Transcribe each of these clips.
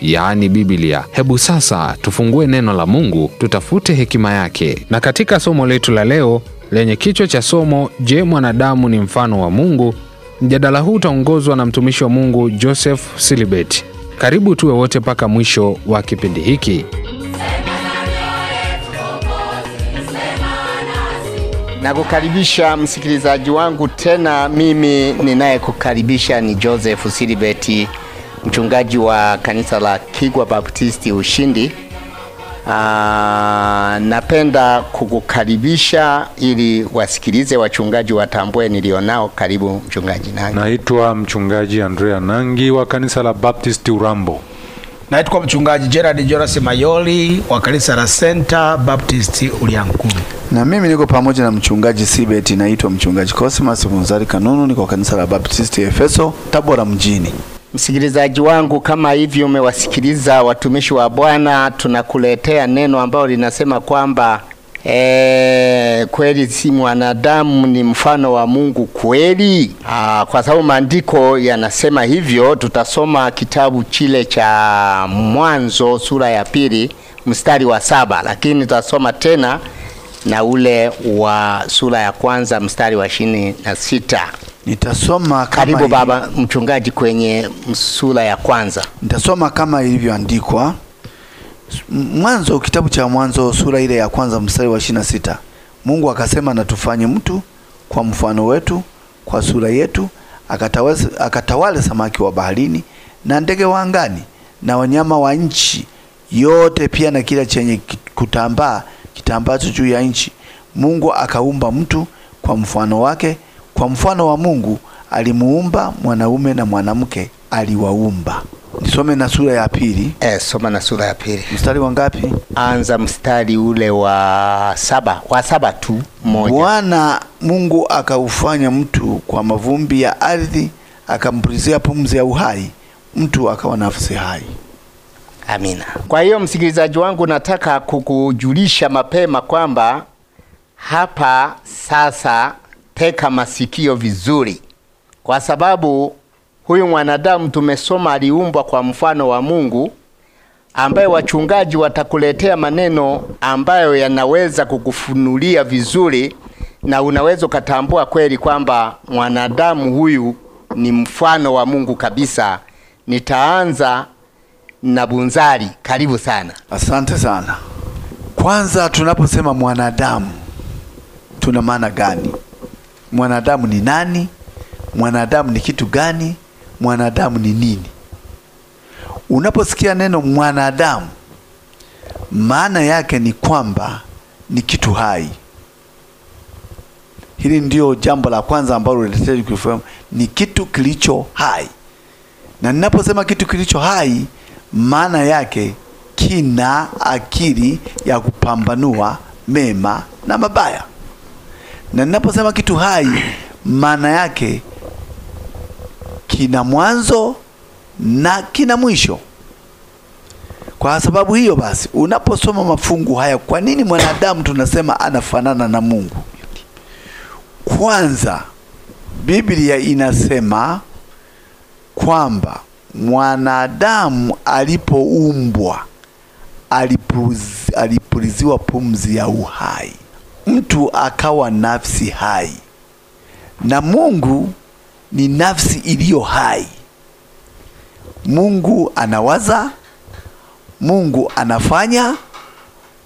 yaani Biblia. Hebu sasa tufungue neno la Mungu, tutafute hekima yake. Na katika somo letu la leo lenye kichwa cha somo, Je, mwanadamu ni mfano wa Mungu? Mjadala huu utaongozwa na mtumishi wa Mungu Joseph Silibeti. Karibu tuwe wote mpaka mwisho wa kipindi hiki. Nakukaribisha msikilizaji wangu tena, mimi ninayekukaribisha ni Joseph Silibeti mchungaji wa kanisa la Kigwa Baptisti Ushindi. Aa, ah, napenda kukukaribisha ili wasikilize wachungaji watambue nilionao. Karibu mchungaji Nangi. Naitwa mchungaji Andrea Nangi wa kanisa la Baptist Urambo. Naitwa mchungaji Gerard Jonas Mayoli wa kanisa la Center Baptist Uliankuru. Na mimi niko pamoja na mchungaji sibet naitwa mchungaji Cosmas Mozari Kanunu, niko kanisa la Baptist Efeso Tabora mjini. Msikilizaji wangu, kama hivyo umewasikiliza watumishi wa Bwana, tunakuletea neno ambalo linasema kwamba e, kweli si mwanadamu ni mfano wa Mungu kweli. Aa, ah, kwa sababu maandiko yanasema hivyo. Tutasoma kitabu chile cha Mwanzo sura ya pili mstari wa saba, lakini tutasoma tena na ule wa sura ya kwanza mstari wa ishirini na sita. Nitasoma kama karibu baba mchungaji, kwenye sura ya kwanza nitasoma kama ilivyoandikwa. Mwanzo, kitabu cha Mwanzo sura ile ya kwanza mstari wa ishirini na sita Mungu akasema, na tufanye mtu kwa mfano wetu, kwa sura yetu, akatawale, akatawale samaki wa baharini na ndege wa angani na wanyama wa nchi yote, pia na kila chenye kutambaa kitambacho juu ya nchi. Mungu akaumba mtu kwa mfano wake kwa mfano wa Mungu alimuumba mwanaume na mwanamke aliwaumba. Nisome na sura ya pili. Eh, soma na sura ya pili. Mstari wa ngapi? Anza mstari ule wa saba, wa saba tu moja. Bwana Mungu akaufanya mtu kwa mavumbi ya ardhi, akampulizia pumzi ya uhai, mtu akawa nafsi hai. Amina. Kwa hiyo msikilizaji wangu, nataka kukujulisha mapema kwamba hapa sasa teka masikio vizuri, kwa sababu huyu mwanadamu tumesoma aliumbwa kwa mfano wa Mungu, ambaye wachungaji watakuletea maneno ambayo yanaweza kukufunulia vizuri, na unaweza ukatambua kweli kwamba mwanadamu huyu ni mfano wa Mungu kabisa. Nitaanza na Bunzali, karibu sana. Asante sana. Kwanza tunaposema mwanadamu tuna maana gani? mwanadamu ni nani, mwanadamu ni kitu gani, mwanadamu ni nini. Unaposikia neno mwanadamu, maana yake ni kwamba ni kitu hai. Hili ndio jambo la kwanza ambalo unahitaji kufahamu, ni kitu kilicho hai. Na ninaposema kitu kilicho hai, maana yake kina akili ya kupambanua mema na mabaya. Na ninaposema kitu hai, maana yake kina mwanzo na kina mwisho. Kwa sababu hiyo basi, unaposoma mafungu haya, kwa nini mwanadamu tunasema anafanana na Mungu? Kwanza, Biblia inasema kwamba mwanadamu alipoumbwa alipuliziwa pumzi ya uhai mtu akawa nafsi hai, na Mungu ni nafsi iliyo hai. Mungu anawaza, Mungu anafanya,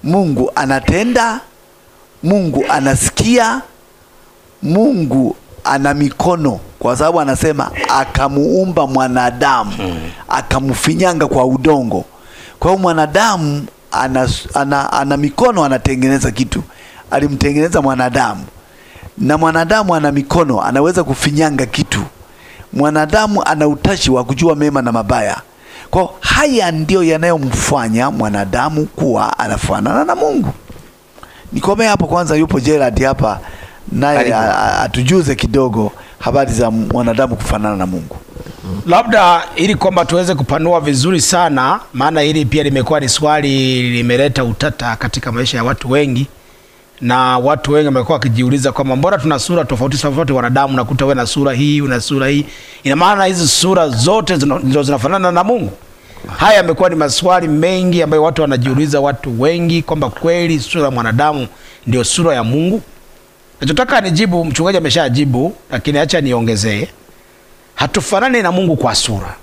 Mungu anatenda, Mungu anasikia, Mungu ana mikono kwa sababu anasema akamuumba mwanadamu hmm. akamfinyanga kwa udongo. Kwa hiyo mwanadamu ana, ana, ana mikono anatengeneza kitu, alimtengeneza mwanadamu, na mwanadamu ana mikono, anaweza kufinyanga kitu. Mwanadamu ana utashi wa kujua mema na mabaya. Kwa haya ndiyo yanayomfanya mwanadamu kuwa anafanana na Mungu. Nikomea hapo kwanza. Yupo Gerard hapa naye atujuze kidogo habari za mwanadamu kufanana na Mungu, labda ili kwamba tuweze kupanua vizuri sana, maana hili pia limekuwa ni swali limeleta utata katika maisha ya watu wengi na watu wengi wamekuwa wakijiuliza kwamba mbona tuna sura tofauti tofauti wanadamu, nakuta wewe na sura hii, una sura hii. Ina maana hizi sura zote ndio zinafanana na Mungu? Haya yamekuwa ni maswali mengi ambayo watu wanajiuliza, watu wengi, kwamba kweli sura ya mwanadamu ndio sura ya Mungu. Nachotaka nijibu, mchungaji ameshajibu, lakini acha niongezee, hatufanani na Mungu kwa sura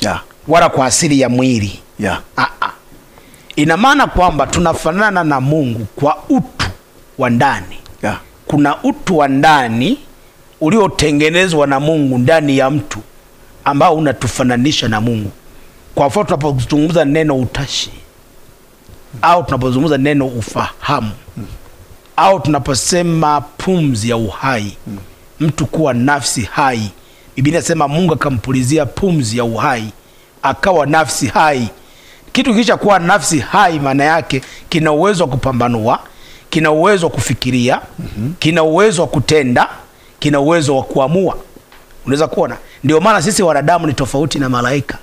yeah, wala kwa asili ya mwili yeah. Ah. Ina maana kwamba tunafanana na Mungu kwa utu wa ndani yeah. Kuna utu wa ndani uliotengenezwa na Mungu ndani ya mtu ambao unatufananisha na Mungu. Kwa mfano tunapozungumza neno utashi mm. au tunapozungumza neno ufahamu mm. au tunaposema pumzi ya uhai mm. mtu kuwa nafsi hai, Biblia inasema Mungu akampulizia pumzi ya uhai akawa nafsi hai. Kitu kisha kuwa nafsi hai, maana yake kina uwezo wa kupambanua kina uwezo wa kufikiria mm -hmm. kina uwezo wa kutenda, kina uwezo wa kuamua. Unaweza kuona, ndio maana sisi wanadamu ni tofauti na malaika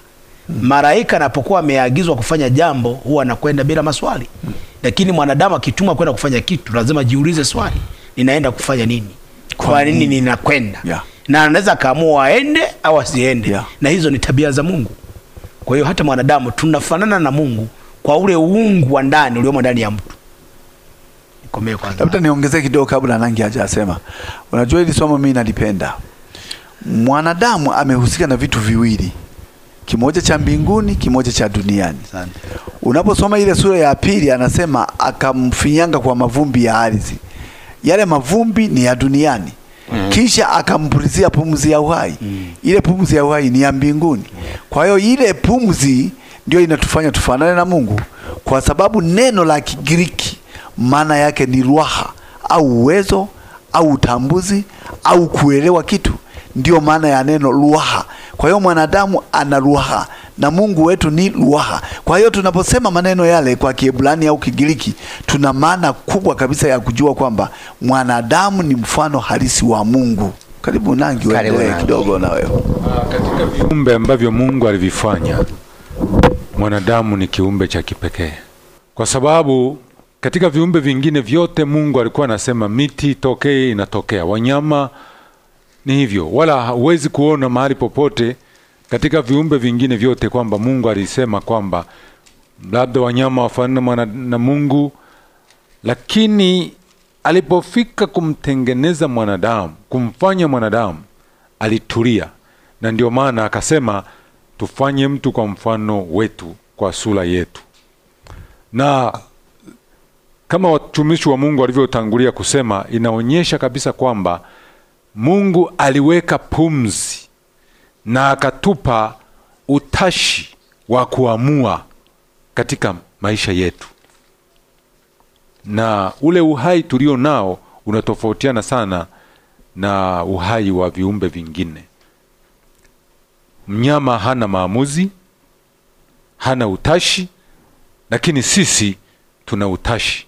mm -hmm. Malaika anapokuwa ameagizwa kufanya jambo huwa anakwenda bila maswali mm -hmm. Lakini mwanadamu akitumwa kwenda kufanya kitu lazima jiulize swali, ninaenda kufanya nini? Kwa nini ninakwenda? yeah. na anaweza akaamua aende au asiende. yeah. na hizo ni tabia za Mungu. Kwa hiyo hata mwanadamu tunafanana na Mungu kwa ule uungu wa ndani uliomo ndani ya mtu tukomee kwanza. Labda niongezee kidogo kabla Nangi hajasema. Unajua hili somo mimi nalipenda. Mwanadamu amehusika na vitu viwili, kimoja cha mbinguni, kimoja cha duniani. Unaposoma ile sura ya pili, anasema akamfinyanga kwa mavumbi ya ardhi, yale mavumbi ni ya duniani Mm. Kisha akampulizia pumzi ya uhai mm. Ile pumzi ya uhai ni ya mbinguni. Kwa hiyo ile pumzi ndio inatufanya tufanane na Mungu, kwa sababu neno la Kigiriki maana yake ni ruaha au uwezo au utambuzi au kuelewa kitu, ndiyo maana ya neno ruaha. Kwa hiyo mwanadamu ana ruaha na Mungu wetu ni ruaha. Kwa hiyo tunaposema maneno yale kwa Kiebrania au Kigiriki, tuna maana kubwa kabisa ya kujua kwamba mwanadamu ni mfano halisi wa Mungu. Karibu nangi wewe kidogo na wewe. Ah, katika viumbe ambavyo Mungu alivifanya, mwanadamu ni kiumbe cha kipekee kwa sababu katika viumbe vingine vyote Mungu alikuwa anasema miti itokee, inatokea. Wanyama ni hivyo, wala huwezi kuona mahali popote katika viumbe vingine vyote kwamba Mungu alisema kwamba labda wanyama wafanane na Mungu, lakini alipofika kumtengeneza mwanadamu, kumfanya mwanadamu, alitulia, na ndio maana akasema tufanye mtu kwa mfano wetu, kwa sura yetu na kama watumishi wa Mungu walivyotangulia kusema, inaonyesha kabisa kwamba Mungu aliweka pumzi na akatupa utashi wa kuamua katika maisha yetu, na ule uhai tulio nao unatofautiana sana na uhai wa viumbe vingine. Mnyama hana maamuzi, hana utashi, lakini sisi tuna utashi.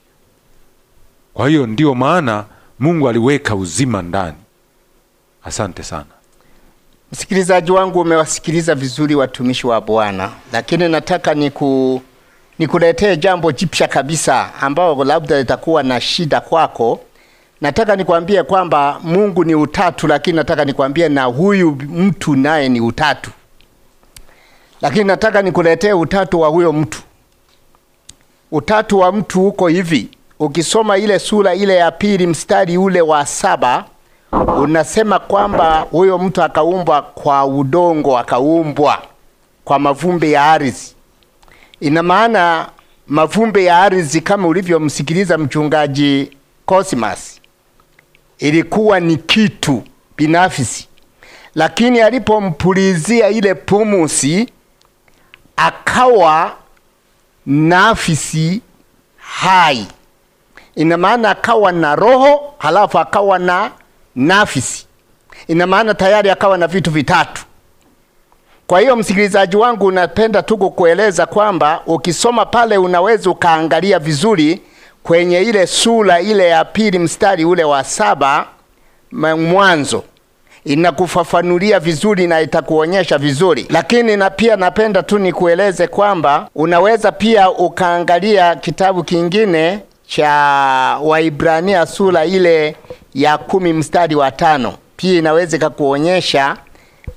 Kwa hiyo ndio maana Mungu aliweka uzima ndani. Asante sana msikilizaji wangu, umewasikiliza vizuri watumishi wa Bwana, lakini nataka niku nikuletee jambo jipya kabisa ambao labda litakuwa na shida kwako. Nataka nikwambie kwamba Mungu ni utatu, lakini nataka nikwambie na huyu mtu naye ni utatu, lakini nataka nikuletee utatu wa huyo mtu. Utatu wa mtu uko hivi ukisoma ile sura ile ya pili mstari ule wa saba unasema kwamba huyo mtu akaumbwa kwa udongo, akaumbwa kwa mavumbi ya ardhi. Ina maana mavumbi ya ardhi, kama ulivyomsikiliza mchungaji Cosmas, ilikuwa ni kitu binafsi, lakini alipompulizia ile pumusi akawa nafsi hai ina maana akawa na roho halafu akawa na nafsi, ina maana tayari akawa na vitu vitatu. Kwa hiyo msikilizaji wangu, unapenda tu kukueleza kwamba ukisoma pale unaweza ukaangalia vizuri kwenye ile sura ile ya pili mstari ule wa saba mwanzo inakufafanulia vizuri na itakuonyesha vizuri, lakini na pia napenda tu nikueleze kwamba unaweza pia ukaangalia kitabu kingine cha Waibrania sura ile ya kumi mstari wa tano pia inaweza ikakuonyesha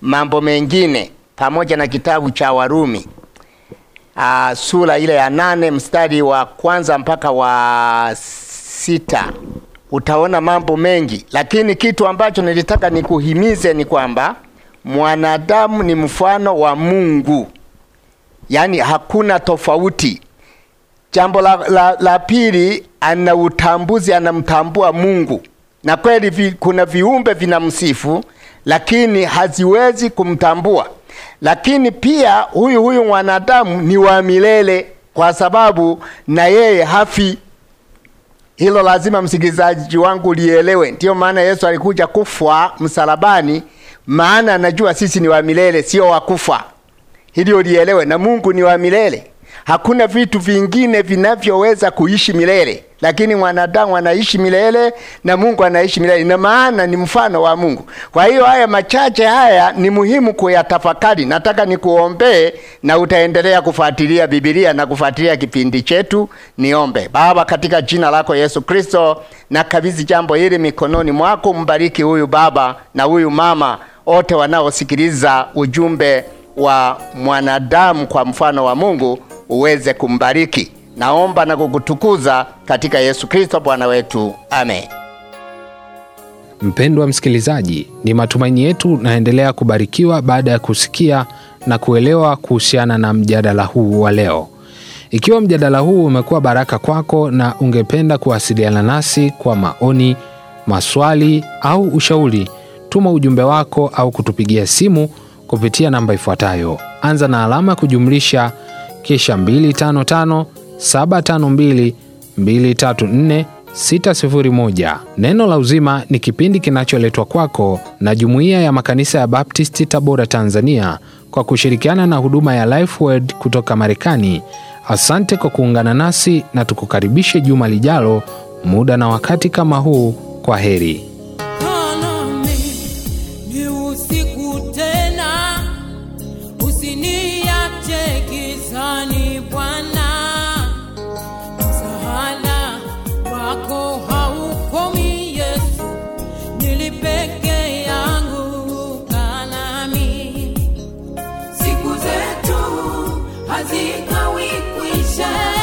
mambo mengine pamoja na kitabu cha Warumi uh, sura ile ya nane mstari wa kwanza mpaka wa sita utaona mambo mengi, lakini kitu ambacho nilitaka nikuhimize ni kwamba mwanadamu ni mfano wa Mungu, yaani hakuna tofauti Jambo la, la, la pili, ana utambuzi, anamtambua Mungu, na kweli vi, kuna viumbe vinamsifu lakini haziwezi kumtambua. Lakini pia huyu huyu mwanadamu ni wa milele, kwa sababu na yeye hafi. Hilo lazima msikilizaji wangu lielewe. Ndiyo maana Yesu alikuja kufa msalabani, maana anajua sisi ni wa milele, sio wakufa. Hilo lielewe, na Mungu ni wa milele. Hakuna vitu vingine vinavyoweza kuishi milele, lakini mwanadamu anaishi milele na Mungu anaishi milele, na maana ni mfano wa Mungu. Kwa hiyo haya machache haya ni muhimu kuyatafakari. Nataka nikuombee na utaendelea kufuatilia Biblia na kufuatilia kipindi chetu. Niombe. Baba, katika jina lako Yesu Kristo, nakabidhi jambo hili mikononi mwako. Mbariki huyu baba na huyu mama, wote wanaosikiliza ujumbe wa mwanadamu kwa mfano wa Mungu uweze kumbariki. Naomba na kukutukuza katika Yesu Kristo Bwana wetu, amen. Mpendwa msikilizaji, ni matumaini yetu naendelea kubarikiwa baada ya kusikia na kuelewa kuhusiana na mjadala huu wa leo. Ikiwa mjadala huu umekuwa baraka kwako na ungependa kuwasiliana nasi kwa maoni, maswali au ushauri, tuma ujumbe wako au kutupigia simu kupitia namba ifuatayo: anza na alama kujumlisha kisha 255 752 234 601. Neno la Uzima ni kipindi kinacholetwa kwako na Jumuiya ya Makanisa ya Baptisti Tabora, Tanzania, kwa kushirikiana na huduma ya Lifeword kutoka Marekani. Asante kwa kuungana nasi na tukukaribishe juma lijalo, muda na wakati kama huu. Kwa heri. Então, Ipuijé.